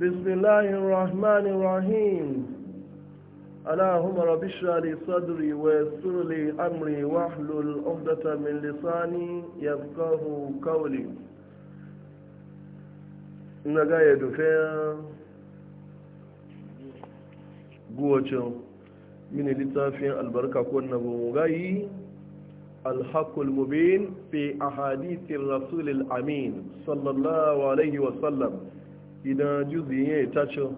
بسم الله الرحمن الرحيم اللهم رب اشرح لي صدري ويسر لي امري واحلل عقدة من لساني يفقه قولي نغا يدفع غوچو من لتافين البركة كنا بمغاي الحق المبين في أحاديث الرسول الأمين صلى الله عليه وسلم idan juzi ya yi tacho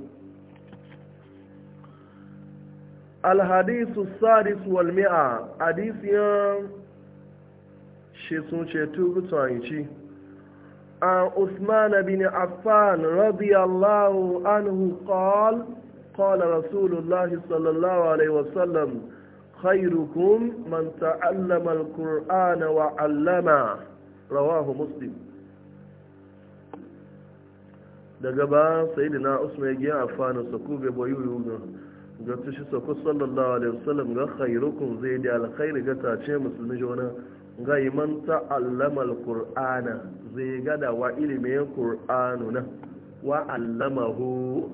alhadisu sadis wal mi'a hadisiyan shi sun ceto gutuwanci an usman bin affan radiyallahu anhu qal قال رسول sallallahu alaihi الله عليه وسلم خيركم من تعلم wa Allama rawahu Muslim. daga ba na usman ya giya afana sako bai bayu yi wuga ga shi sako sallallahu alaihi wasallam ga hairukun zai da alkhairu ga ce musulmi jona ga iman ta allama alkur'ana zai gada wa ilimin qur'anu na wa hu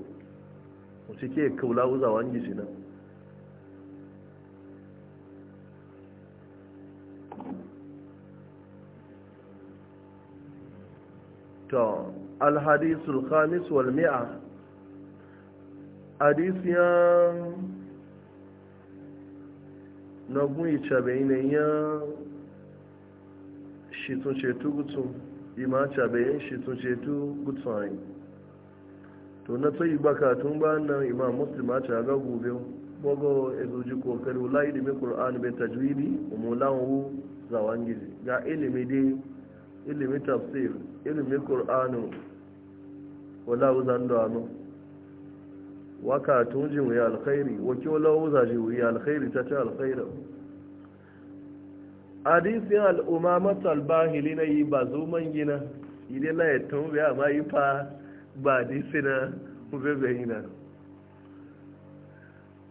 wuce ke kaula uzawan shi na to الحديث الخامس والمئة حديث يا نبوي تشابين يا شيتون شيتو شيتون شيتو to na tsayi baka tun ba nan imam muslim ta ga gobe bogo ezoji kokari da ilimin qur'an bai tajwidi umulan wu ga ilimi dai ilimi tafsir ilimi qur'anu wala uzan ndo anu waka tunji wuya alkhairi wake wala ji wuya alkhairi ta ce alkhairi hadisin al'umamat albahili na yi ba zo gina idan na ya tambaye amma yi fa ba hadisi na bebe yana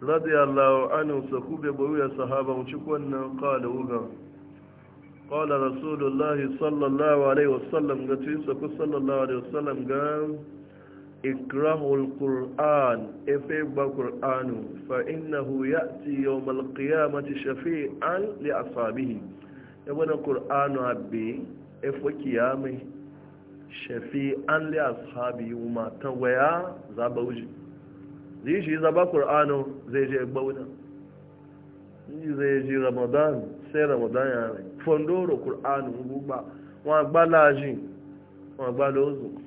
radiyallahu anhu sa kube bawuya sahaba mu ci wannan qala ugan qala rasulullahi sallallahu alaihi wasallam ga tuyi sa ku sallallahu alaihi wasallam ga ikrahul qur'an efe gba qur'anu fa innahu ya'ti yawm al-qiyamati shafi'an li ashabihi yabana qur'anu abbi efo kiyame shafi'an li ashabihi ma tawaya zaba uji ziji zaba qur'anu zai je gbauda ni zai je ramadan sai ramadan ya fondoro qur'anu gba wa gbalaji wa gbalozu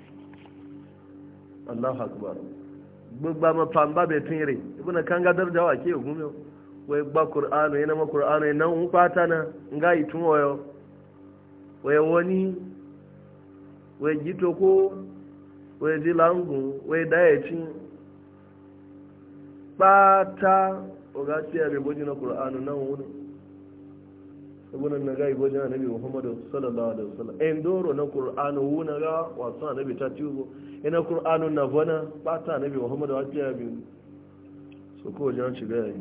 allahu akbar gbogbo ma pamba be tinre ibn kan ga darja wa ke gume wai ba qur'ano yana ma qur'ano yana un kwata na nga itun oyo wai woni wai jito ko wai dilangu wai daeti pata oga tiya be boji na qur'ano na wuni ibn na ga iboji na nabi muhammad sallallahu alaihi wasallam endoro na qur'ano wuna ga wasan nabi ta tiwo ina ƙur'anun na bana ba ta biyu muhammadu wa fiya biyu su ko jan shiga yayi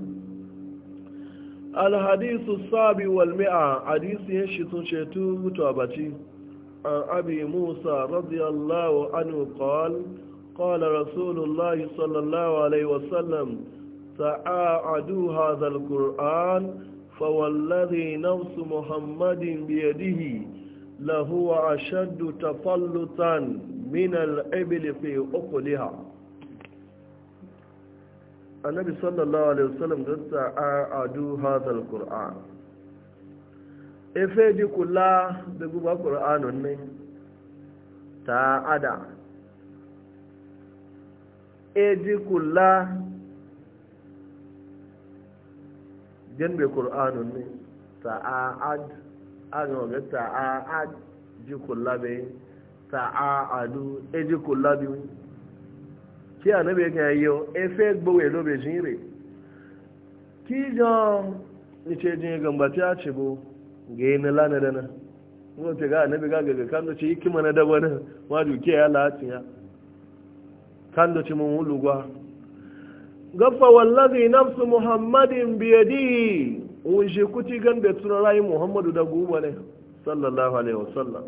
alhadisu sabi wal mi'a hadisi ya shi sun shetu mutu a baci an abi musa radiyallahu anu kawal qala rasulullahi sallallahu alaihi wasallam ta'adu hadha alquran فوالذي نفس محمد بيده لهو أشد تفلتا min al'ibili fi ukuliha annabi sallallahu alaihi wasallam don sa'adu hazal qur'an efe di kula da guba qur'anun ne ta'ada e di kula janbe qur'anun ne ta'ad an ga ta'ad ji kula bai ta'aadu eji kula biyu ki anabi kan yo efe gbowe lobe jinre ki jon ni ce jin ya ta bụ bo ga na lana da na mun ce ga anabi ga ga kan da ce hikima na dabo na waju ke ya latiya kan da ce mun lugwa gafa wallazi nafsu muhammadin biyadihi wun shi kuti gan da turarai muhammadu da guba ne sallallahu alaihi wasallam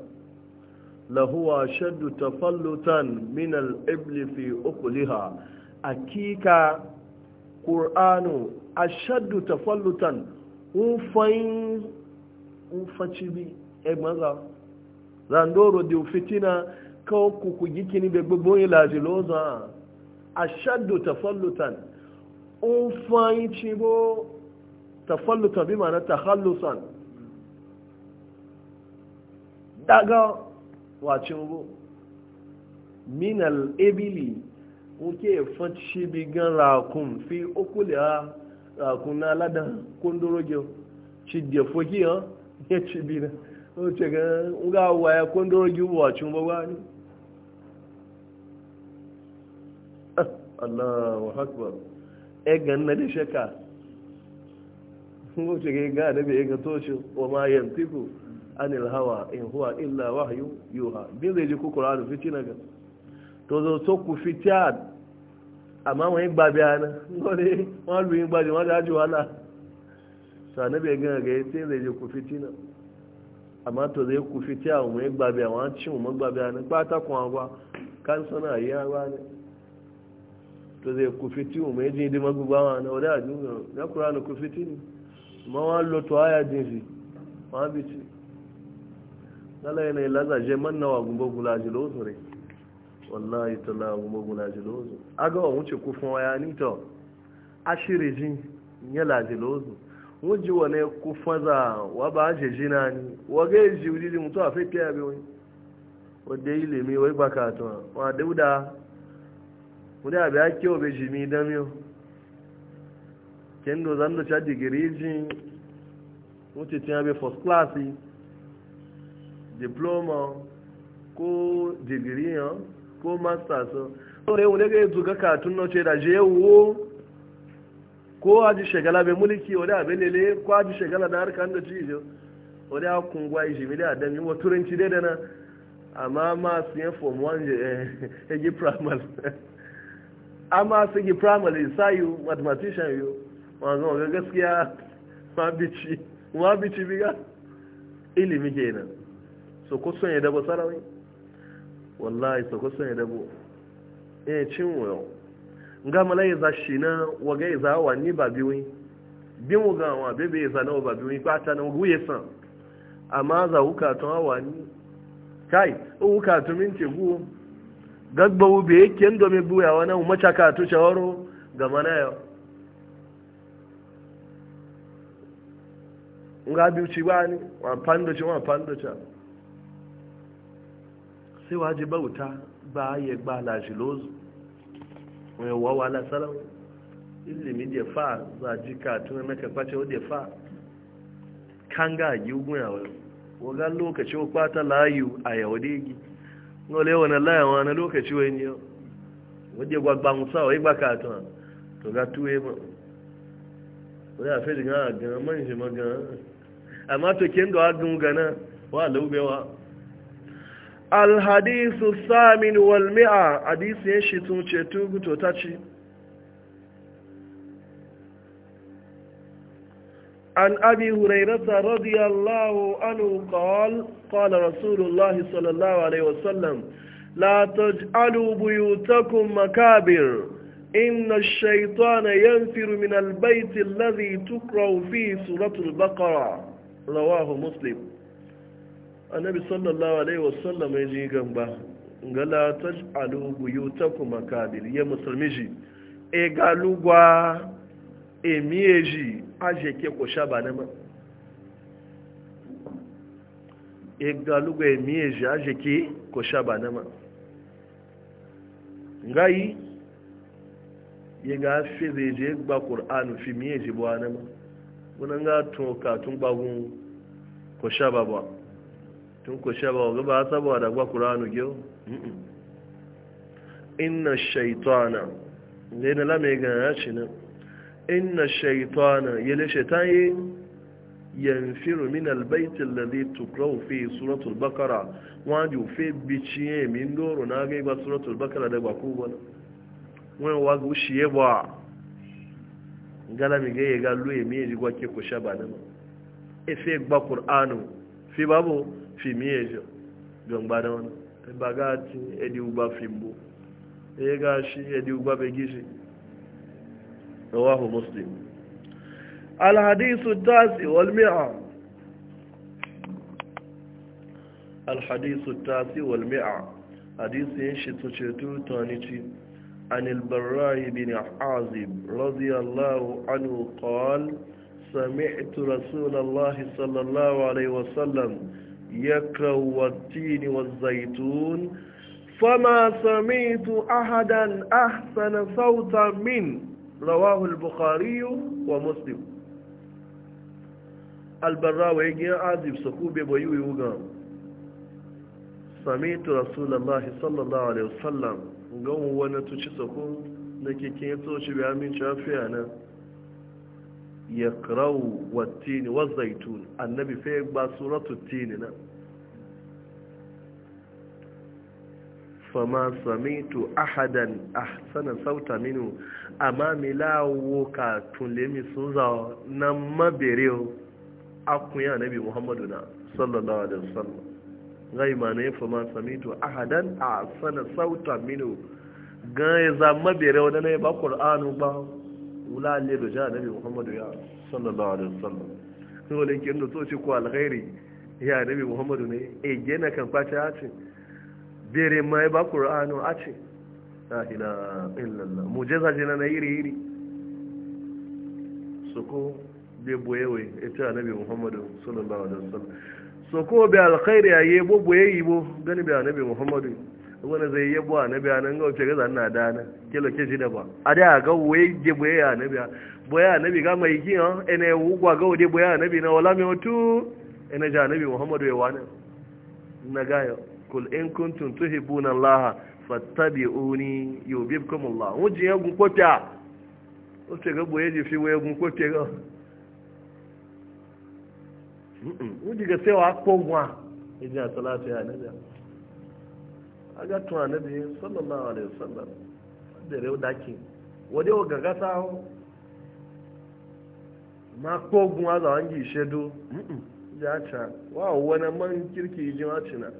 lahuwa shaddu tafallutan min al'ibli fi ukuliha akika ƙur'anu a shaddu tafallutan unfayin unfacibi egbaza eh, zandoro di fitina kawo kukugi kini da gbogbo ilaji loza a shaddu tafallutan unfayin cibo tafallutan bi ma na tahallusan daga wacin bu minal ebili nke fashi bigan rakun fi okuliya rakun na ladan kondoroge cidde foki ya ya cibi na o ce ga nga waya kondoroge wacin bu ba ni Allahu akbar e ganna da shaka ngo ce ga e ga da be ga toshin wa ma yantiku anil hawa in huwa illa wahyu yuha bin zai ji ku qur'anu fitina ga to zo so ku fitia amma wani gba bayana ngore wọn lu yin gba di wọn da ju wala sa na bai gana ga yace zai ji ku fitina amma to zai ku fitia mu yin gba bayana wọn ci mu gba bayana pata kun agwa kan sana yi agwa ne to zai ku fitina mu yin di magugbawa na wadda ajiyar na qur'anu ku fitina ma wọn lo to jinsi wọn bi lala yana laza je man nawa gumba gula jilozo re wallahi tala gumba gula jilozo aga wa wuce kufin waya ni to ashiri jin ya la jilozo wuji wane kufaza wa ba je jina ni wa ga ji wuli mutu a fe piya be wani wadda yi lemi wai baka to wa dauda wani abi ake obe jimi damiyo kendo zando cha digiri jin wuce tin abi first class yi diploma ko digiri ya ko masters ɗaure wule ga yanzu ga katun noce da je wo ko a ji shagala bai mulki wadda a belele ko a ji shagala da harkar da ci ijo wadda a kungwa ishi mili a dami wa turanci da na amma masu yin form 1 ya eh, gi primal amma su gi primal isa yi mathematician yi wanzu ga gaskiya ma bici ma bici biga ilimi kenan so ko son ya dabo sarawai wallahi so ko son ya dabo eh cin wayo nga mala ya zashi na waga ya za wa ni ba biwi bin ga wa bebe ya za na ba biwi ba ta na guye san amma za huka to wa ni kai huka to min ce gu gagba u be yake do me buya wa na mu macha to shawaro ga mana yo nga biu ci ba ni wa pando ci wa pando ci sai waje bauta ba ya gba lajilozu wani wawa na salam ilimi da fa za ji katun na kakwace wadda fa kan ga yi guna wani Waga lokaci wa kwata layu a yawade gi nole wani layawa na lokaci wani yau wadda gwagba musa wa igba katun to ga tuwe ma wadda a fi jina a gana man shi magana amma to kin ga wa gana wa laubewa الحديث الثامن والمئة حديث ya shi tun ceto عن أبي هريرة رضي الله عنه قال قال رسول الله صلى الله عليه وسلم لا تجعلوا بيوتكم مكابر إن الشيطان ينفر من البيت الذي تقرأ فيه سورة البقرة رواه مسلم annabi sallallahu alaihi wasallam ya ji gamba ga la taj'alu buyutakum makabir ya musulmi ji e galugwa e miyeji aje ke ko shaba na ma e galugwa e miyeji aje ke ko shaba na ma ngai ya ga fi zai je gba qur'an fi miyeji bo anama ma ga to ka tun bagun ko shaba ba tun ku shaba ga ba saboda gwa kuranu gyo inna shaitana ne na lame ga ya ci nan inna shaitana yele shaitan yi yanfiru min albaiti alladhi tukrau fi suratul bakara waju fe bichiye min doro na ga ba suratul bakara da ba ku bana wen wa gu shiye ba ngala mi ga ye ga lu e gwa shaba gba fi fim yejo don ba da wani ba ga ci edi uba fim bu e ga shi edi uba be gishi rawahu muslim al hadithu tasi wal mi'a al hadithu tasi wal mi'a hadithin shi tuce tu tanici عن البراء بن عازب رضي الله عنه قال سمعت رسول الله صلى الله عليه وسلم Ya yakawattini wazzaitun fama samitu ahadan ahsana sauta min rawahu albukhariyu wa muslim albarrawa yagi azib sakube bo yuyu ga samitu rasulullah sallallahu alaihi wasallam ngon wona tuci sakun nake kin yato ci bi amin chafiya na ya wa tini wa zaitun annabi fai ba suratu tini na fama samitu ahadan ahsana sauta minu amma milawo ka tunlemi sun zawa na mabere ya nabi muhammadu na sallallahu alaihi wasallam gai ma ne fama samitu ahadan ahsana sauta minu ga ya zama mabere wadana ya ba ƙur'anu ba wulalle da ja nabi muhammadu ya sallallahu alaihi wasallam sun ne kin da tsoci ko alghairi ya nabi muhammadu ne e eh, gena kan kwata a ce bere mai ba qur'anu a ce la hina illallah je zaje na iri iri soko be boyewe ita nabi muhammadu sallallahu alaihi wasallam soko be alkhairi yi bo yi bo gani a nabi muhammadu wani zai yabo a nabiya nan ga wace gaza na dana kila ke shi da ba a da ga wai je boye a nabiya boye na nabi ga mai kiyan ah, ene wugwa ga wade na wala mai wato ene ja nabi muhammadu ya wani na gaya kul in laha tuhibbuna allaha fattabi'uni yuhibbukum allah wujin ya gun ga fi gun ga wujin ga sai wa kogwa ina salatu ya a ga tuwa na biyu sallallahu alaihi wasallam da rewu daki wadda yau gaga saho ma kogun waza wangi shedo ya ca wa wani man kirki ji macina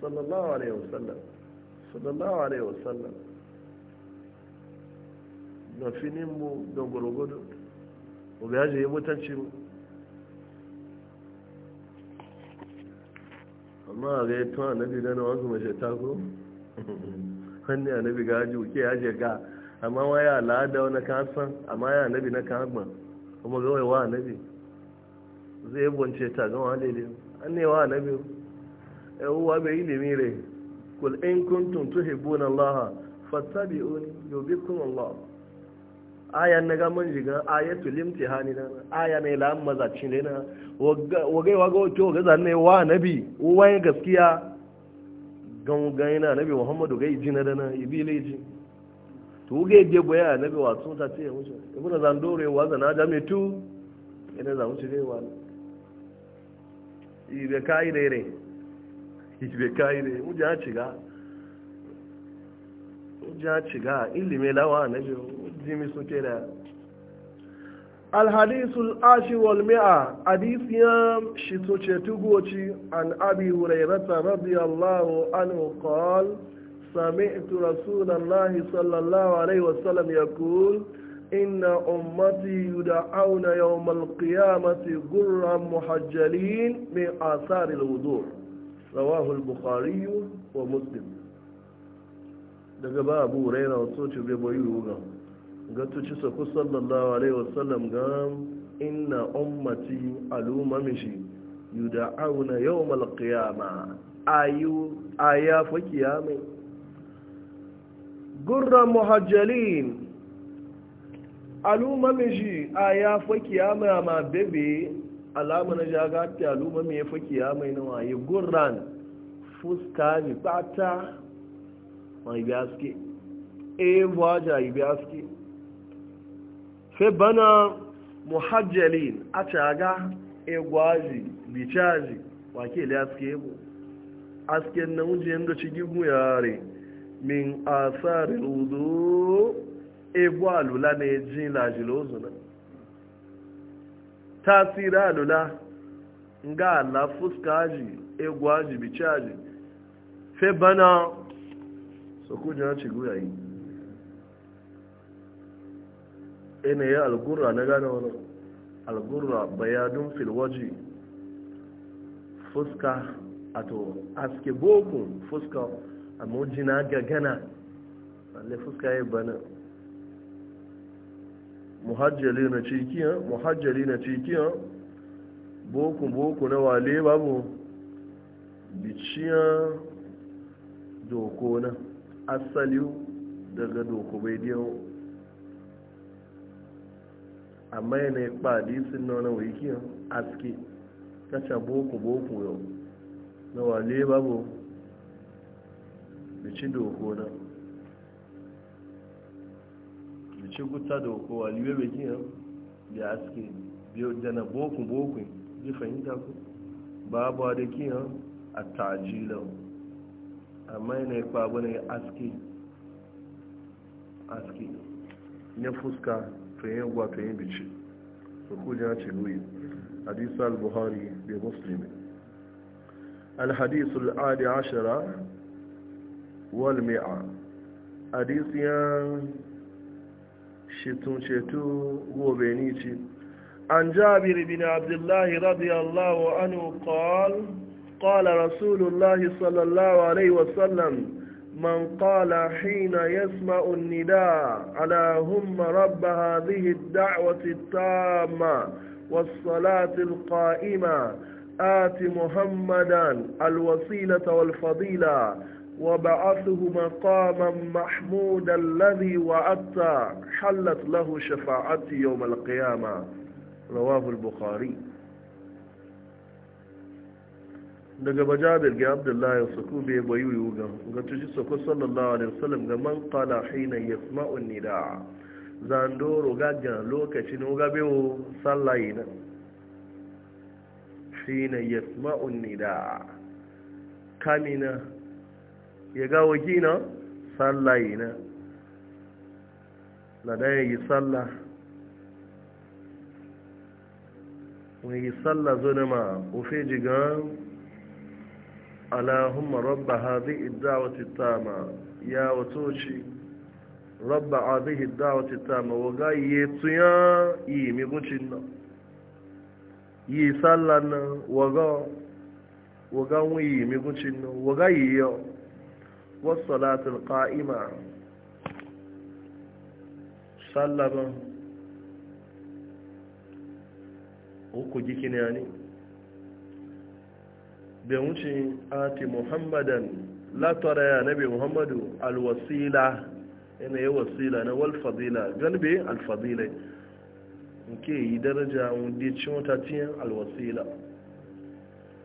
sallallahu alaihi wasallam sallallahu alaihi wasallam na finin mu don gwargwado obi yi mutanci mu amma ga ya tuwa annabi da na wasu mace ko hannu annabi ga aji uke ya je ga amma wa ya al'ada wani kasan amma ya annabi na kama kuma gawai wa annabi zai yi bonce ta gama daidai an ne wa annabi yawuwa bai ilimi rai kul in kuntum tuhibbuna allaha fattabi'uni yubikum allah aya na gaman jiga aya tulim ti hani na aya ne la maza cin na wagai waga wato ga zanne wa nabi uwan gaskiya gan gan nabi muhammadu gai jina da na ibile ji to ga je boya nabi wa sun ta ce musu ibn zandore wa zana da me tu ina za mu ci ne wa ibe kai ne ne ibe kai ne mu ja ciga mu ja ciga ilime lawa nabi jimi suke da alhadisul ashi wal mi'a hadisiyan shi tuce tugoci an abi hurairata radiyallahu anhu qal سمعت رسول الله صلى الله عليه وسلم يقول إن أمتي يدعون يوم القيامة غرا محجلين من آثار الوضوء رواه البخاري ومسلم daga ba abu raina wasu cibiyar bayu ga tuci saku sallallahu alaihi wasallam ga inna ummati aluma mishi yuda'auna yawmal qiyama ayu aya fa kiyama gurra muhajjalin aluma mishi aya fa kiyama ma bebe alama na jaga ta aluma me fa kiyama ne waye gurran fuska ni bata mai gaske e waja ibi aski febana bana muhajjalin a caga egwazi bicazi wake da aske bu asken na wuje yadda ci gigu yare min asarin udu egwu alula na eji lajila na tasiri alula nga ala fuska aji egwu aji bicazi fe bana sokujan ya guyayi ina ya algurra na gane wani algurra bayanin filwaji fuska a to aske boko fuska a mojina gagana alle fuska ya bana muhajjali na cikiya muhajjali na cikiya boko boko na wale babu biciya doko na asali daga doko bai diyawo amma yana ya kpa hadisin na wani wiki aski kacha boko boko yau na wale babu bici doko na bici guta doko waliwe biki yau da aske biyu da na boko boko ji fahimta ku babu a da kiyan a tajilau amma yana ya kpa abu na aski aski na fuska tuyen yaguwa tuyen bici hukuli ya ce nuyi hadisu al-buhari bi muslimi al-hadisu al wal mi'a hadisu ya shetunshetu gobe nici an jabiri bin abdullahi radiyallahu anu qal qala rasulullahi sallallahu alaihi wasallam من قال حين يسمع النداء على هم رب هذه الدعوة التامة والصلاة القائمة آت محمدا الوسيلة والفضيلة وبعثه مقاما محمودا الذي وعدت حلت له شفاعتي يوم القيامة رواه البخاري daga bajabir ga abdullahi su kube bayuyu ga ga tuji sako sallallahu alaihi wasallam ga man qala hina yasma'u nidaa zandoro lokaci lokacin ga bewo sallayi na hina yasma'u nidaa kamina ya ga na sallayi na na da yi salla wani yi salla zo na ma ofe jigan اللهم رب هذه الدعوة التامة يا وتوشي رب هذه الدعوة التامة وقاي يتيا يمي غوشنا يسالنا وقا وقا ويمي غوشنا وقاي يو والصلاة القائمة سلم وكو جيكي يعني Bin wuce ati muhammadan latara ya nabi muhammadu alwasila ina yi wasila na walfadila galibe alfadila nke yi daraja wadda cin wata tiyan alwasila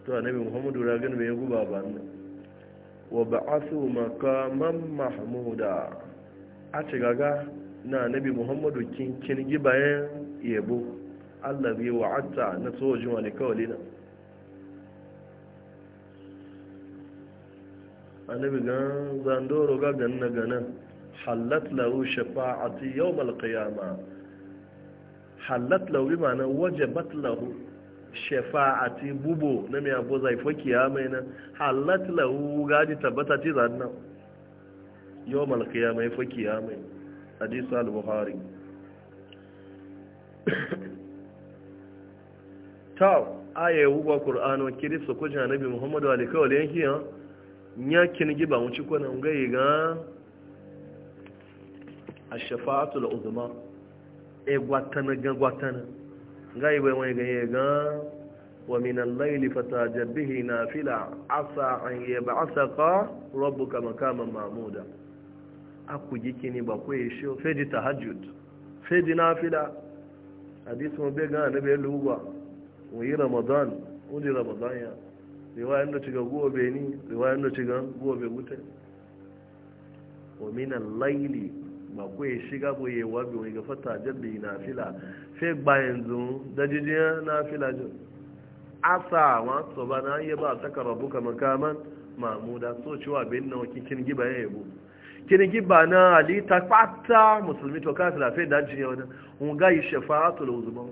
to a nabi muhammadu ragan mai guba ba ne wa ba'asu makaman mahmuda a ci gaga na nabi muhammadu kinkin gibayen yabo allabi wa'atta na sojin wani kawalina annabi gan zandoro ga ganna ganan halat lahu shafa'ati al qiyama halat lahu bi ma'ana wajabat lahu shafa'ati bubo na mai abu zai fa kiyama ina halat lahu gaji tabbata ti zanna al qiyama fa kiyama hadith al-bukhari ta ayawu ba qur'ano kirisa ko janabi muhammadu alaihi wa ha yakin giba mu ci kwanan gai ga a shafa'atu la uzuma e gwatana ga gwatana gai bai wani ga ga wa min al-layli fatajab bihi nafila asa an yab'athaka rabbuka makaman mamuda aku jikini ba ko yisho fedi tahajjud fedi nafila hadith mo be ga na be luwa wuyi yi ramadan udi ramadan ya riwayan da ciga gobe ni riwayan da ciga gobe wuta wa minan laili ba ku yi shiga bu yi wabi wani gafata jabi na fila fe gba yanzu da jijiyar na fila jin asa wa so ba na yi ba ta karabu kamar kaman mamuda so cewa bin na wakikin giba ya yabo kirgi ba na halitta fata musulmi to kafin lafiya da ajiye wani ga yi shafa'atul uzuma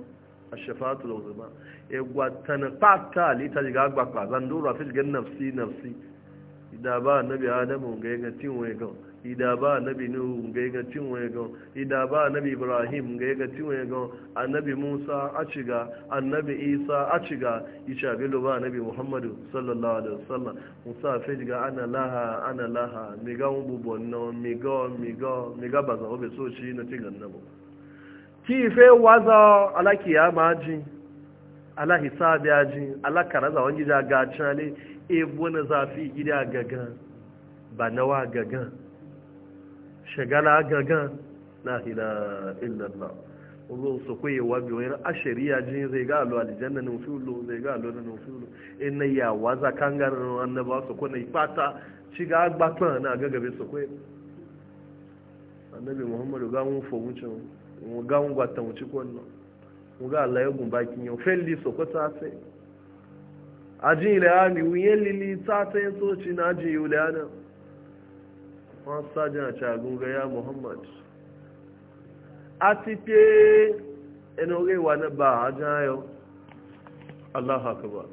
a shafa'atul uzuma egwatana fata alita daga agbakwa zandura fi gan nafsi nafsi ida ba nabi adamu ga ga tin waye ga ida ba nabi nuhu ga ga tin waye ga ida ba nabi ibrahim ga ga tin waye ga annabi musa achiga Anabi annabi isa achiga ciga bilu ba nabi muhammadu sallallahu alaihi wasallam musa fi daga ana laha ana laha mi ga mu bonno mi ga mi ga mi ga ba za obe so shi na tigan nabo ki fe waza alaki ya ala hisabi ajin ala karaza wani da ga canale ebo na zafi gida gagan ba nawa gagan shagala gagan la ila illallah ruwan su kwaye wa biyu yana a shari'a jin zai ga alo aljanna na ufiulu zai ga alo na ufiulu in na yawa za kan gara na annaba su kwana fata ci ga agbatan na gagabe su kwaye annabi muhammadu ga mun fo wuce mun ga mun gwatan ci kwanan nga Allah ya gumba kinyo felli soko tase aji ile ami wiye lili tase so chi na aji yule ana wa sajan cha gunga ya Muhammad ati pe enoge wa na ba ajayo Allah akbar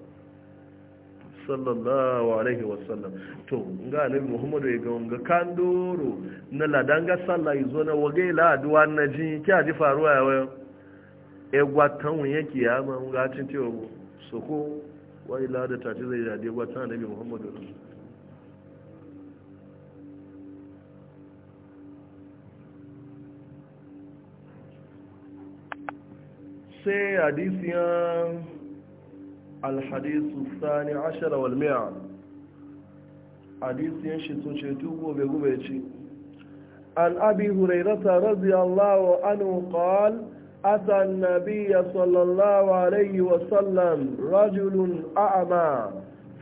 sallallahu alaihi sallam. to nga annabi muhammadu e ga kandoro na ladanga sallah izo na wage la aduwa na ji kya ji faruwa ya egwatan wuyen ma ga cin cewa su ko wani lada ta ce zai dade gwatan da bi muhammadu sai hadisiyan alhadisu sani ashara walmiya hadisiyan shi sun ce tuko bai gube ci an abi hurairata radiyallahu anhu qala أتى النبي صلى الله عليه وسلم رجل أعمى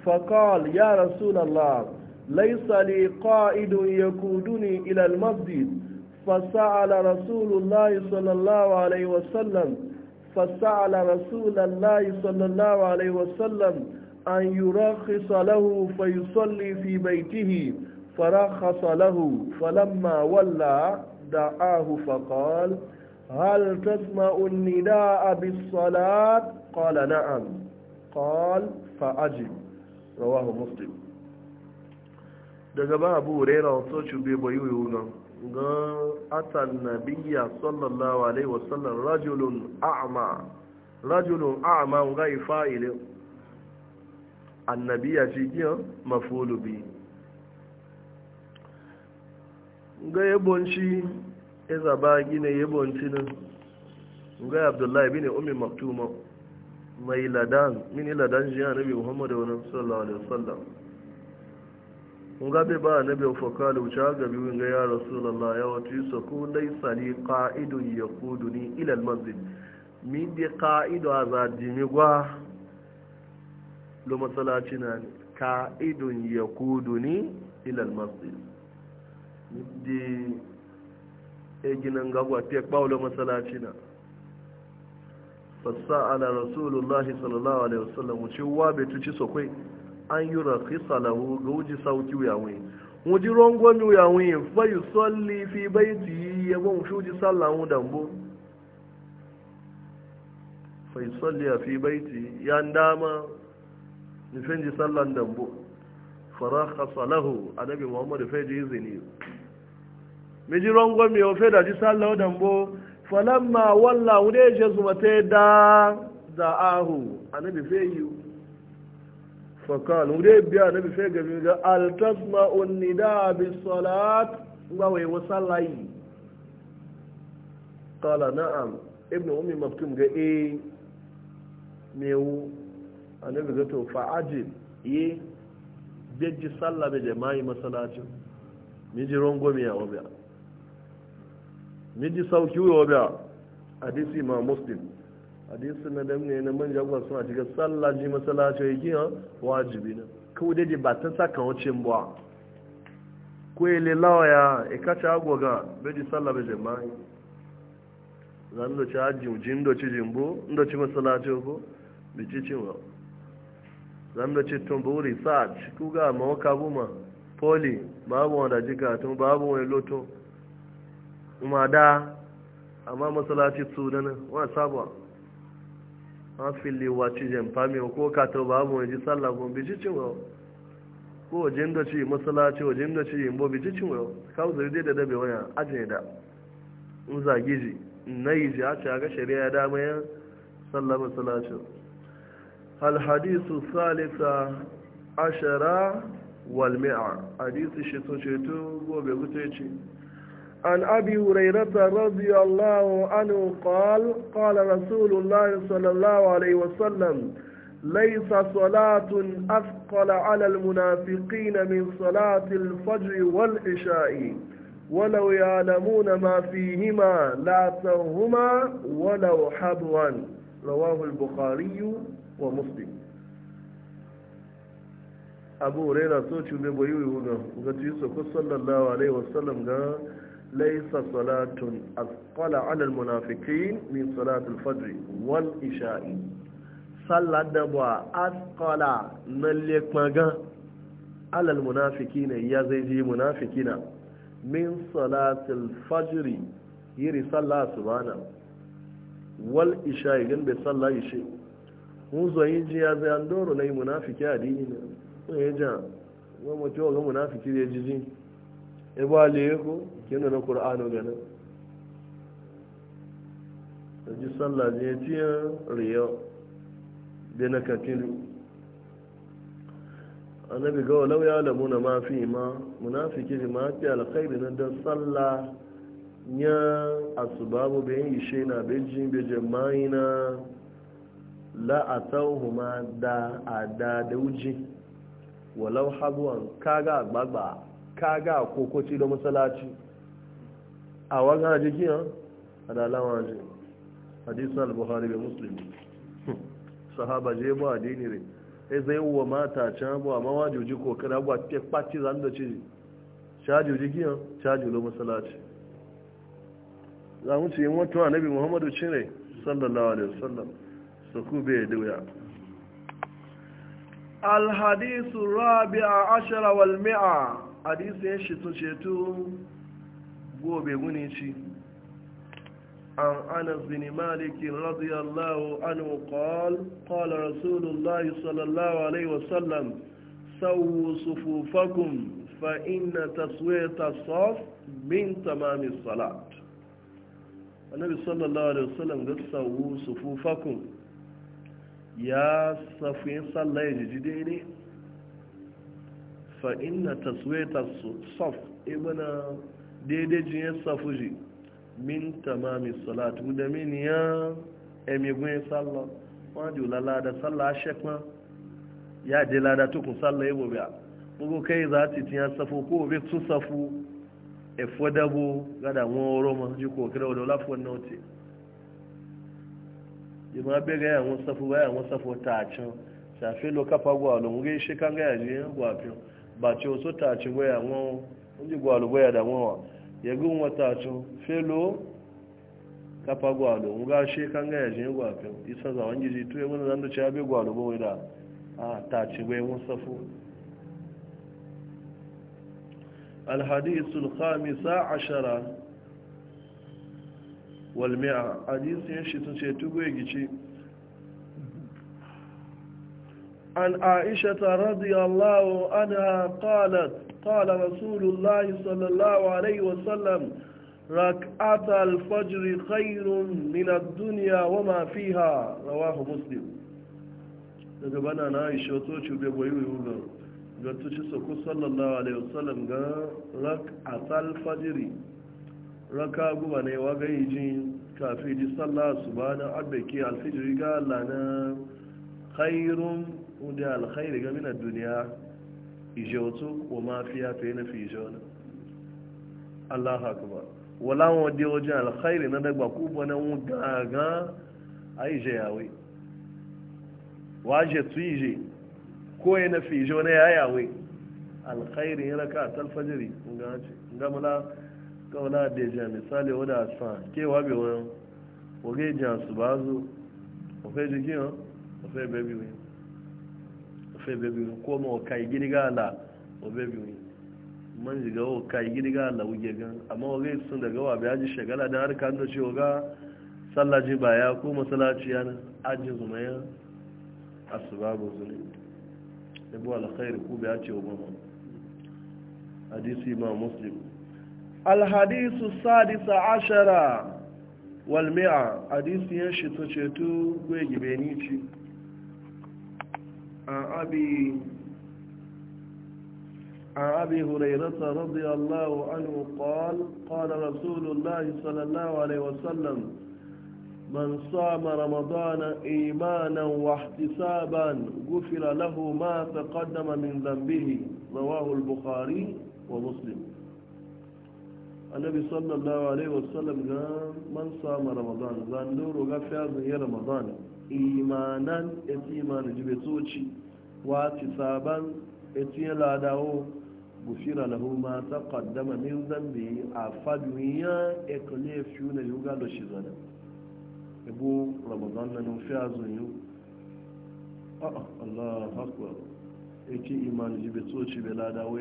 فقال يا رسول الله ليس لي قائد يقودني إلى المسجد فسأل رسول الله صلى الله عليه وسلم فسأل رسول الله صلى الله عليه وسلم أن يرخص له فيصلي في بيته فرخص له فلما ولى دعاه فقال هل تسمع النداء بالصلاة قال نعم قال فأجب رواه مسلم daga ba abu rera wato cube bayoyo nan ga atan nabiyya sallallahu alaihi wasallam rajulun a'ma rajulun a'ma ga ifa'il annabiya shi kiyo mafulu ga yabon shi iza ba gina yabonci nan ga abdullahi bin ummi maktuma mai ladan mini ladan jiya nabi muhammad wa sallallahu alaihi wasallam kun ga ba nabi fakala wuce ga biyu ga ya rasulullah ya wato yusa ku laysa li qa'idun yaquduni ila al-manzil min a qa'idu mi gwa lo matsalaci na qa'idun yaquduni ila al-manzil e ginan gagwa fiye kpaulo masalaci na fassa ala rasulullahi sallallahu alaihi wasallam wuce wa bai tuci sokwai an yi rakisa lahu ga wuji sauki wuyawai wuji rongon wuyawai fayu tsalli fi bai yi ya gwan shuji sallahu dambo fayu tsalli a fi bai yi? ya dama nufin ji sallan dambo kasalahu a annabi muhammadu fai ji izini ji rango mi o fe da ji sallah dan bo falamma walla wude je zumate da da ahu anabi fe yi fakal wude biya anabi fe ga mi ga al tasma un nida bi salat ba wai wa yi. qala na'am ibnu ummi maktum ga e mewu annabi ga to fa'ajil yi bejji sallah be jama'i ji mijiron gomi ya wabiya ji sauki wa biya hadisi ma muslim hadisi na dam ne na man jagwa suna shiga sallah ji masallaci ya gina wajibi na kawo ji ba ta saka wacin mbuwa ko ile ya, e kacha agwaga ji sallah be jama'i zan da ci hajji mu ji, ci jimbo ndo ci masallaci ko bi ci cin wa zan da ci sa ci kuga ma wakabu ma poli babu wanda jika tun babu wani loto ma da amma masalaci su da nan wani sabuwa an fili wace jamfa mai ko katar babu wani ji sallah ko bici cin wa ko wajen da ci masalaci wajen da ci yimbo bici cin wa kawo zai dai da dabe wani ajiye da in zagi ji na yi ji a ce a shari'a ya dama yan sallah masalaci alhadisu salisa ashara walmi'a hadisi shi sun ceto gobe gutu ya ce عن أبي هريرة رضي الله عنه قال قال رسول الله صلى الله عليه وسلم ليس صلاة أثقل على المنافقين من صلاة الفجر والعشاء ولو يعلمون ما فيهما لاتوهما ولو حبوا رواه البخاري ومسلم أبو هريرة توتشو بيبويو غتيسو صلى الله عليه وسلم قال laisa salatun asqala ala almunafiqin min salati alfajr wal isha'i sallar da ba asqala na lekmaga ala almunafiqin ya zai ji munafiqina min salati alfajr yiri sallah subhana wal isha'i gan sallah ishe mun zo yin ji ya zai andoro na yi munafiki a dini wani munafiki ya ji ba leko kina na ƙur'anu ganin da ji sallah ne tiyan riyo da na katilu annabi ga walau ya na mafi ma munafiki ma fi alkhairi na da sallah ya asubabu bayan ishe na bejin bejin a la'atauhuma da ada da wuji walau habuwan kaga agbagba kaga kokoci da masalaci a wajen ajiyar a dalawa ji hadisun al-buhari da musulmi sahaba je ba dini re e zai wa mata can ba ma wajoji kokari abuwa te pati zan da ciji cajoji giyan cajolo masalaci za mu ce yin wato annabi muhammadu cire sallallahu alaihi wasallam su ku bai da wuya الحديث الرابع عشر والمئة hadisi ya shi ceto gobe guni ci عن أنس بن مالك رضي الله عنه قال قال رسول الله صلى الله عليه وسلم سووا صفوفكم فإن تسوية الصف من تمام الصلاة النبي صلى الله عليه وسلم قال سووا صفوفكم يا صفين صلى يجديني fa inna tasweta saf ibana daidai jiyar safuji min tamami salatu da min ya emigun sallah wọ́n jù lálàádá sálà aṣẹ́pọ́n yá ya je lada kùn sálà ìwò bí a gbogbo kai za ti tiyan safo kó o bí tún safo e ẹ̀fọ́ dábò gádà wọn ọrọ́ ma ju kò kẹ́rẹ́ ọ̀dọ̀ láfọ́ náà ti ìmọ̀ abẹ́gẹ́ àwọn safo báyà àwọn safo tààtàn ṣàfihàn lọ kápá gbọ́ àlọ́ ń gé ṣe káńgá yà ní ẹ̀gbọ́ fiyan. ba ce wasu tace waya wọn inji gwalu waya da wọn ya gun wata ce felo kafa gwalu nga she kan ga yaje gwafin isa za wani ji tuye wani zan da ce abe gwalu ba wai da a tace waya mun ashara walmiya hadisun عشر والمئة ce tugu ya gici عن عائشة رضي الله عنها قالت قال رسول الله صلى الله عليه وسلم ركعة الفجر خير من الدنيا وما فيها رواه مسلم تجبنا نائشة توشي بيبويو يوغر قلتوشي سكو صلى الله عليه وسلم ركعة الفجر ركعة قبنا وغيجين كافي دي صلى الله سبحانه عبكي الفجر قال لنا خير da alkhairi ga minar duniya ijotu wa mafiya to na fi ijona Allah akbar wala wọn di wajen alkhairi na dagba kubo na wọn gaga a ije yawe waje tu ije ko yana fi ijona ya yawe alkhairi yana ka a talfajiri ga mula kawala da ya misali wadda asfa kewa bi wani oge jan su ba zo ofe jikin ofe bebi wani fe bebi ko ma o kai gini gala o bebi man jiga o kai gini gala wuge gan amma o gaisu sun daga wa bi aji shagala da har kan da ce o ga sallaji baya ko masallaci yana ajin zumaya asbabu zulim ibu alkhairu ku bi ace o mama hadisi ma muslim shi السادس ce والمئة حديث ينشط شتو ci عن أبي أبي هريرة رضي الله عنه قال قال رسول الله صلى الله عليه وسلم من صام رمضان إيمانا واحتسابا غفر له ما تقدم من ذنبه رواه البخاري ومسلم النبي صلى الله عليه وسلم قال من صام رمضان ذنبه غفر رمضان imanan eti imanu jibe soci wa ti saban eti ladawo gufira lahu ma ta kaddama min zambi a faduya ekole fiye na yuga da shi zana ibu ramadan na nufi a zunyu a allah hakuwa eti imanu jibe soci be ladawo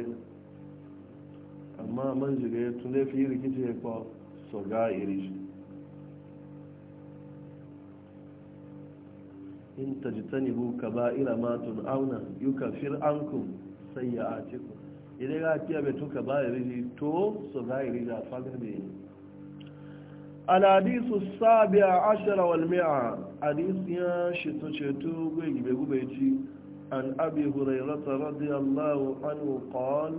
amma man jiga ya tunle fiye rikici ya kwa so ga iri in tajtanibu kaba'ira ma sai ya ankum ku. idan ga kiya be to kaba'ira ji to so gairi da fagar be الحديث السابع عشر والمئة حديث يا شتو شتو ويجي بيجي عن أبي هريرة رضي الله عنه قال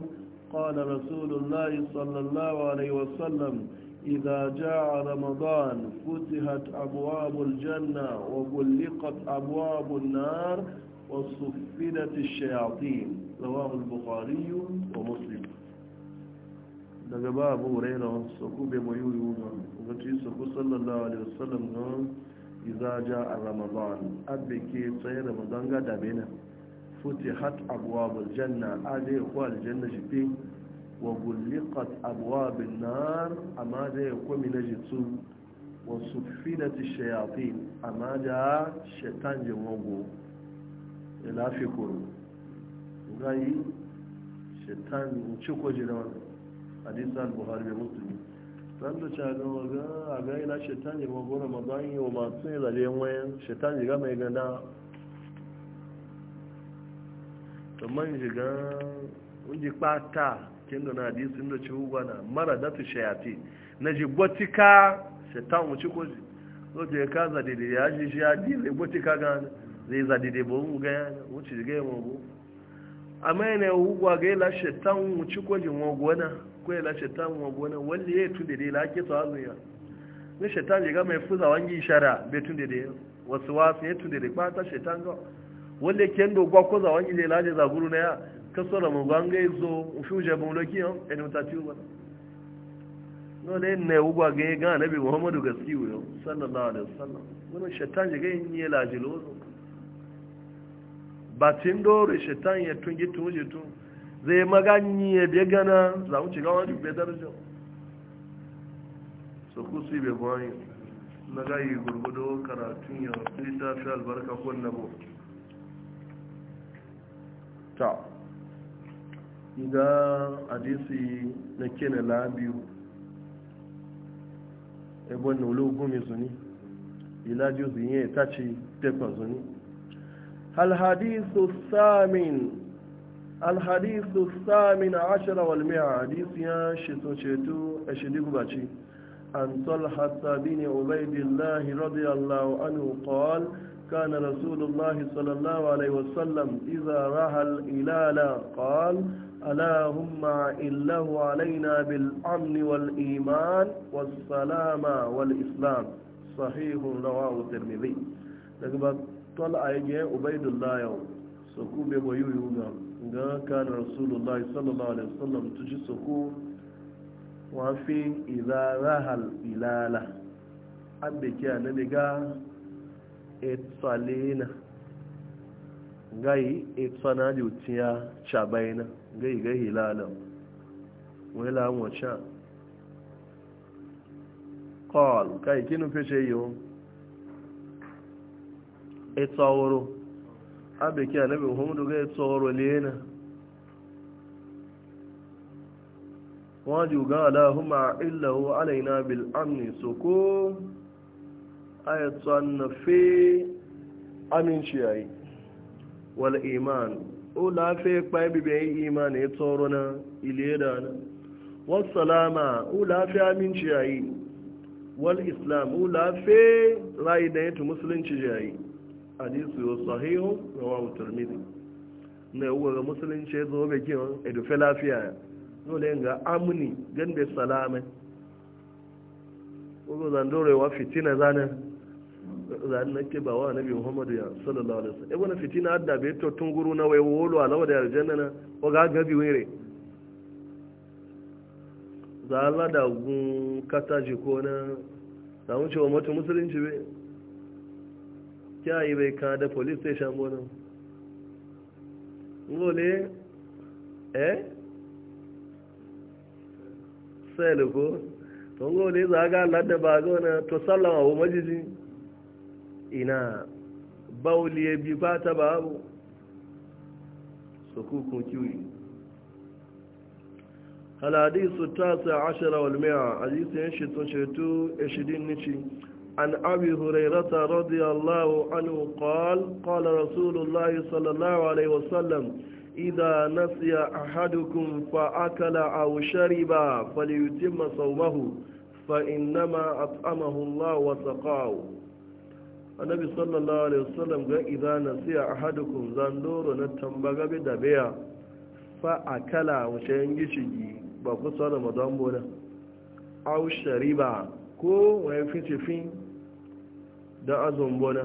قال رسول الله صلى Sallallahu Alaihi Wasallam. إذا جاء رمضان فتحت أبواب الجنة وغلقت أبواب النار وصفدت الشياطين رواه البخاري ومسلم daga ba abu saku bai mai yiwu ba wata saku sallallahu alaihi wasallam na iza a ramadan abbe ke tsaye ramadan ga dabe na futi hat abuwa janna a zai aljanna shi wa gulliqat abwab an-nar amma da yako min jitsu wa sufidat ash-shayatin amma da shaitan je mogo ila fi kuru gai shaitan al da ga a ila shaitan je mogo ramadan yo ma sai da lewan ga mai gana to man je ga unji pata kendo na hadisin da cihuwa na mara su shayafi na ji gwatika shaitan mu ko shi so ce ka daidai ya ji shi ya ji zai gwatika gane zai za daidai ba mu ga yana wuce ga yi mabu amma yana hugwa ga yi la shaitan mu ci koji wa ko yi la shaitan wa gona wanda ya yi tun daidai la ake tsawa zuya ne shaitan ya ga mai fuza wangi shara bai tun daidai wasu wasu ya tun daidai kwata shaitan ga wanda kendo gwakwaza wangi zai laje zaguru na ya kasuwar mu banga izo ushuje mu loki yo en ba no le ne ugwa ge ga nabi muhammadu gaskiyo yo sallallahu alaihi wasallam wannan shaitan je ga yin la jilozo batin dore shaitan ya tungi tuje tu zai magani ya be gana za mu ci shiga wani be darajo so ku si be bani na ga yi gurgudo karatun ya littafi albarka ko nabo ta ga hadisi na kene labiyu ebon na ologun mi zuni ilaji zuyin ya tace tekwa zuni alhadisu samin alhadisu samin a ashira walmiya hadisi ya shito ceto a shidigu baci an talhata bin ubaidillahi radiyallahu anhu qal كان رسول الله صلى الله عليه وسلم إذا رأى الإلال قال اللهم إله علينا بالأمن والإيمان والسلام والإسلام صحيح رواه الترمذي لقد طلع يجي عبيد الله يوم سكو بيبويو يوم كان رسول الله صلى الله عليه وسلم تجي سكو وفي إذا رهل الإلالة أبكي أنا بقى إتصالينا gai etsana jutiya chabaina gai gai hilalam wela mocha qal kai kinu fece yo etsaworo abe ki anabi muhammadu ga etsaworo lena waju ga allahumma illahu alaina bil amni sukum ayatsan fi amin shi yi. wal iman o lafe kpai bibiyan iman ya e toro na ile da na wasu salama o lafe aminci yayi wal islam o lafe rayu da yato musulunci yayi hadisu yau sahihu rawa turmidi na yau ga musulunci ya zo bai kiyon edufe lafiya ya dole ga amuni gan bai salama ko zandore wa fitina zanen ranar ke ba wa nabi muhammadu ya sallallahu alaihi wasallam ibn eh, fitina adda be to guru na wai wolo alawa da aljanna na o ga gabi wire za la da gun kataji ko na da mun ce wa mutum musulunci be kyayi bai ka da police station bonan ngole eh sai ko to le za ga ladda ba ga na to sallama wa majiji ina bauliye bi ba ta babu su kukun kiwi haladisu ta sa ashirar walmiya a jisiyan shetoshetu ashirin nici an abi hurairata radiyallahu an hukawal kawalar rasulullah sallallahu alaihi wasallam ida nasiya a hadukun fa’akala a wushari ba falitin masaumahu fa’in nama a tsamahun lawa tsakawo annabi sallallahu alaihi wasallam ga idza nasiya ahadukum zandoro na tambaga be da biya fa akala washayin gishigi ba ku da ramadan bona aw shariba ko wai fice fin da azon bona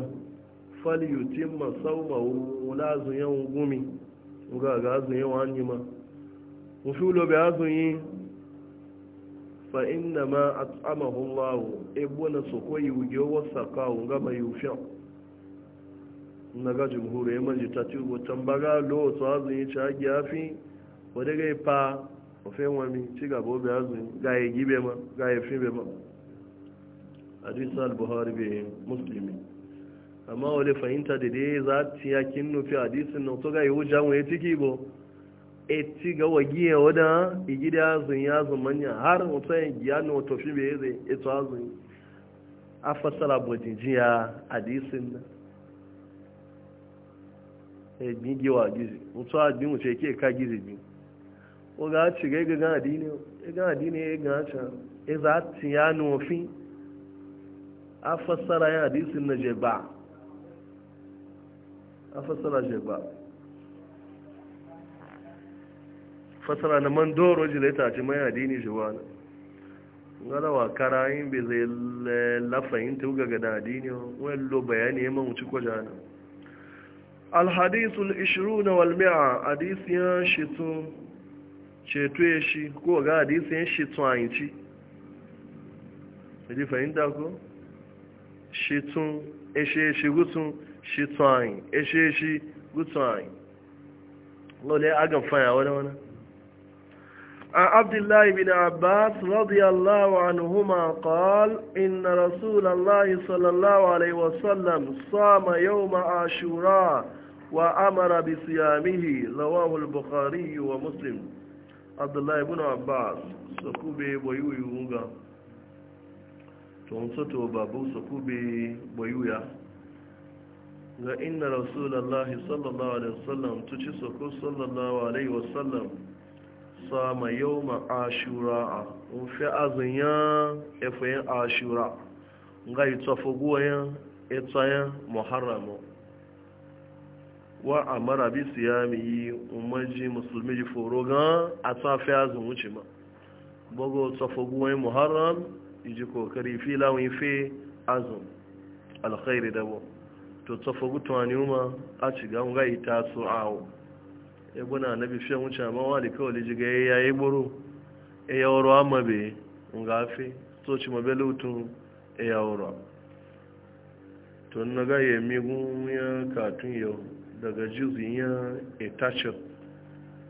fal yutimma sawmahu lazun yan gumi ga ga azun yan wani ma musulo be yi fa inna ma at'amahu Allah ebona sokoyi ujo wasaka unga mayufya naga jumhuri yamma jita tubo tambaga lo to azun yi cha gafi wode ga pa ofe wami ci bo be azun ga yi gibe ma ga yi fi bema ma hadith al-bukhari be muslimi amma wale fahimta da dai za ta yakin nufi hadisin nan to ga yi wujan waye tiki bo eti ga wagiya wada igida e yazun yazun manya har mutum ya giya wato fi bai zai ito e yazun a fasara bujiji a disin na egbin giwa gizi mutum a bi mutum ke ka gizi bi o ga ci ga ga gan adini e ga adini e gan can e za ti ya na ofin a fasara ya disin na jeba a fasara jeba fasara na man doro ji zai tace mai adini shi wani garawa karayin bai zai lafayin tuga da adini wani lo bayani ya mamuci kwaja na alhadisul ishiru na walmi'a hadisiyan shitun ceto ya shi ko ga hadisiyan shitun a yanci ji fahimta ko shitun eshe shi gutun shitun a yin eshe shi gutun a yin lole agan faya wani wani عن عبد الله بن عباس رضي الله عنهما قال إن رسول الله صلى الله عليه وسلم صام يوم عاشوراء وأمر بصيامه رواه البخاري ومسلم عبد الله بن عباس سكوبي بويو يونغا تونسوتو بابو سكوبي بويويا الله صلى الله عليه وسلم تشي سكو صلى الله عليه وسلم sama yau ma ashura a fi azin ya efayin ashura ga yi ya etsayen muharramu wa amara bi siyami yi umarji musulmi ji foro gan a tafi azin wuce ma bugu ya muharram iji kokari fila wani fi azin alkhairi dabo to tuwa ni ma a shiga ga yi taso awo ebuna nabi fiye wuce ma wani kawai jiga ya yi muru e ya wuro amma be nga fi so ci mabe lutu e ya wuro to na ga ya migun ya katun yau daga jizu ya etacho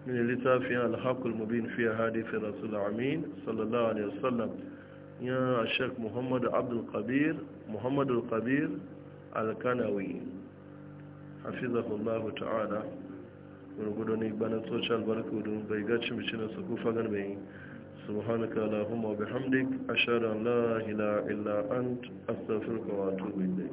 min littafin alhaqul mubin fi hadith rasul amin sallallahu alaihi wasallam ya shek muhammad abdul qadir muhammad al qadir al kanawi hafizahullahu ta'ala gurgudu ne gbanin social barkudu bai gaci mace na su kufa gan bai subhanaka allahumma bihamdik ashhadu allah la ilaha illa ant astaghfiruka wa atubu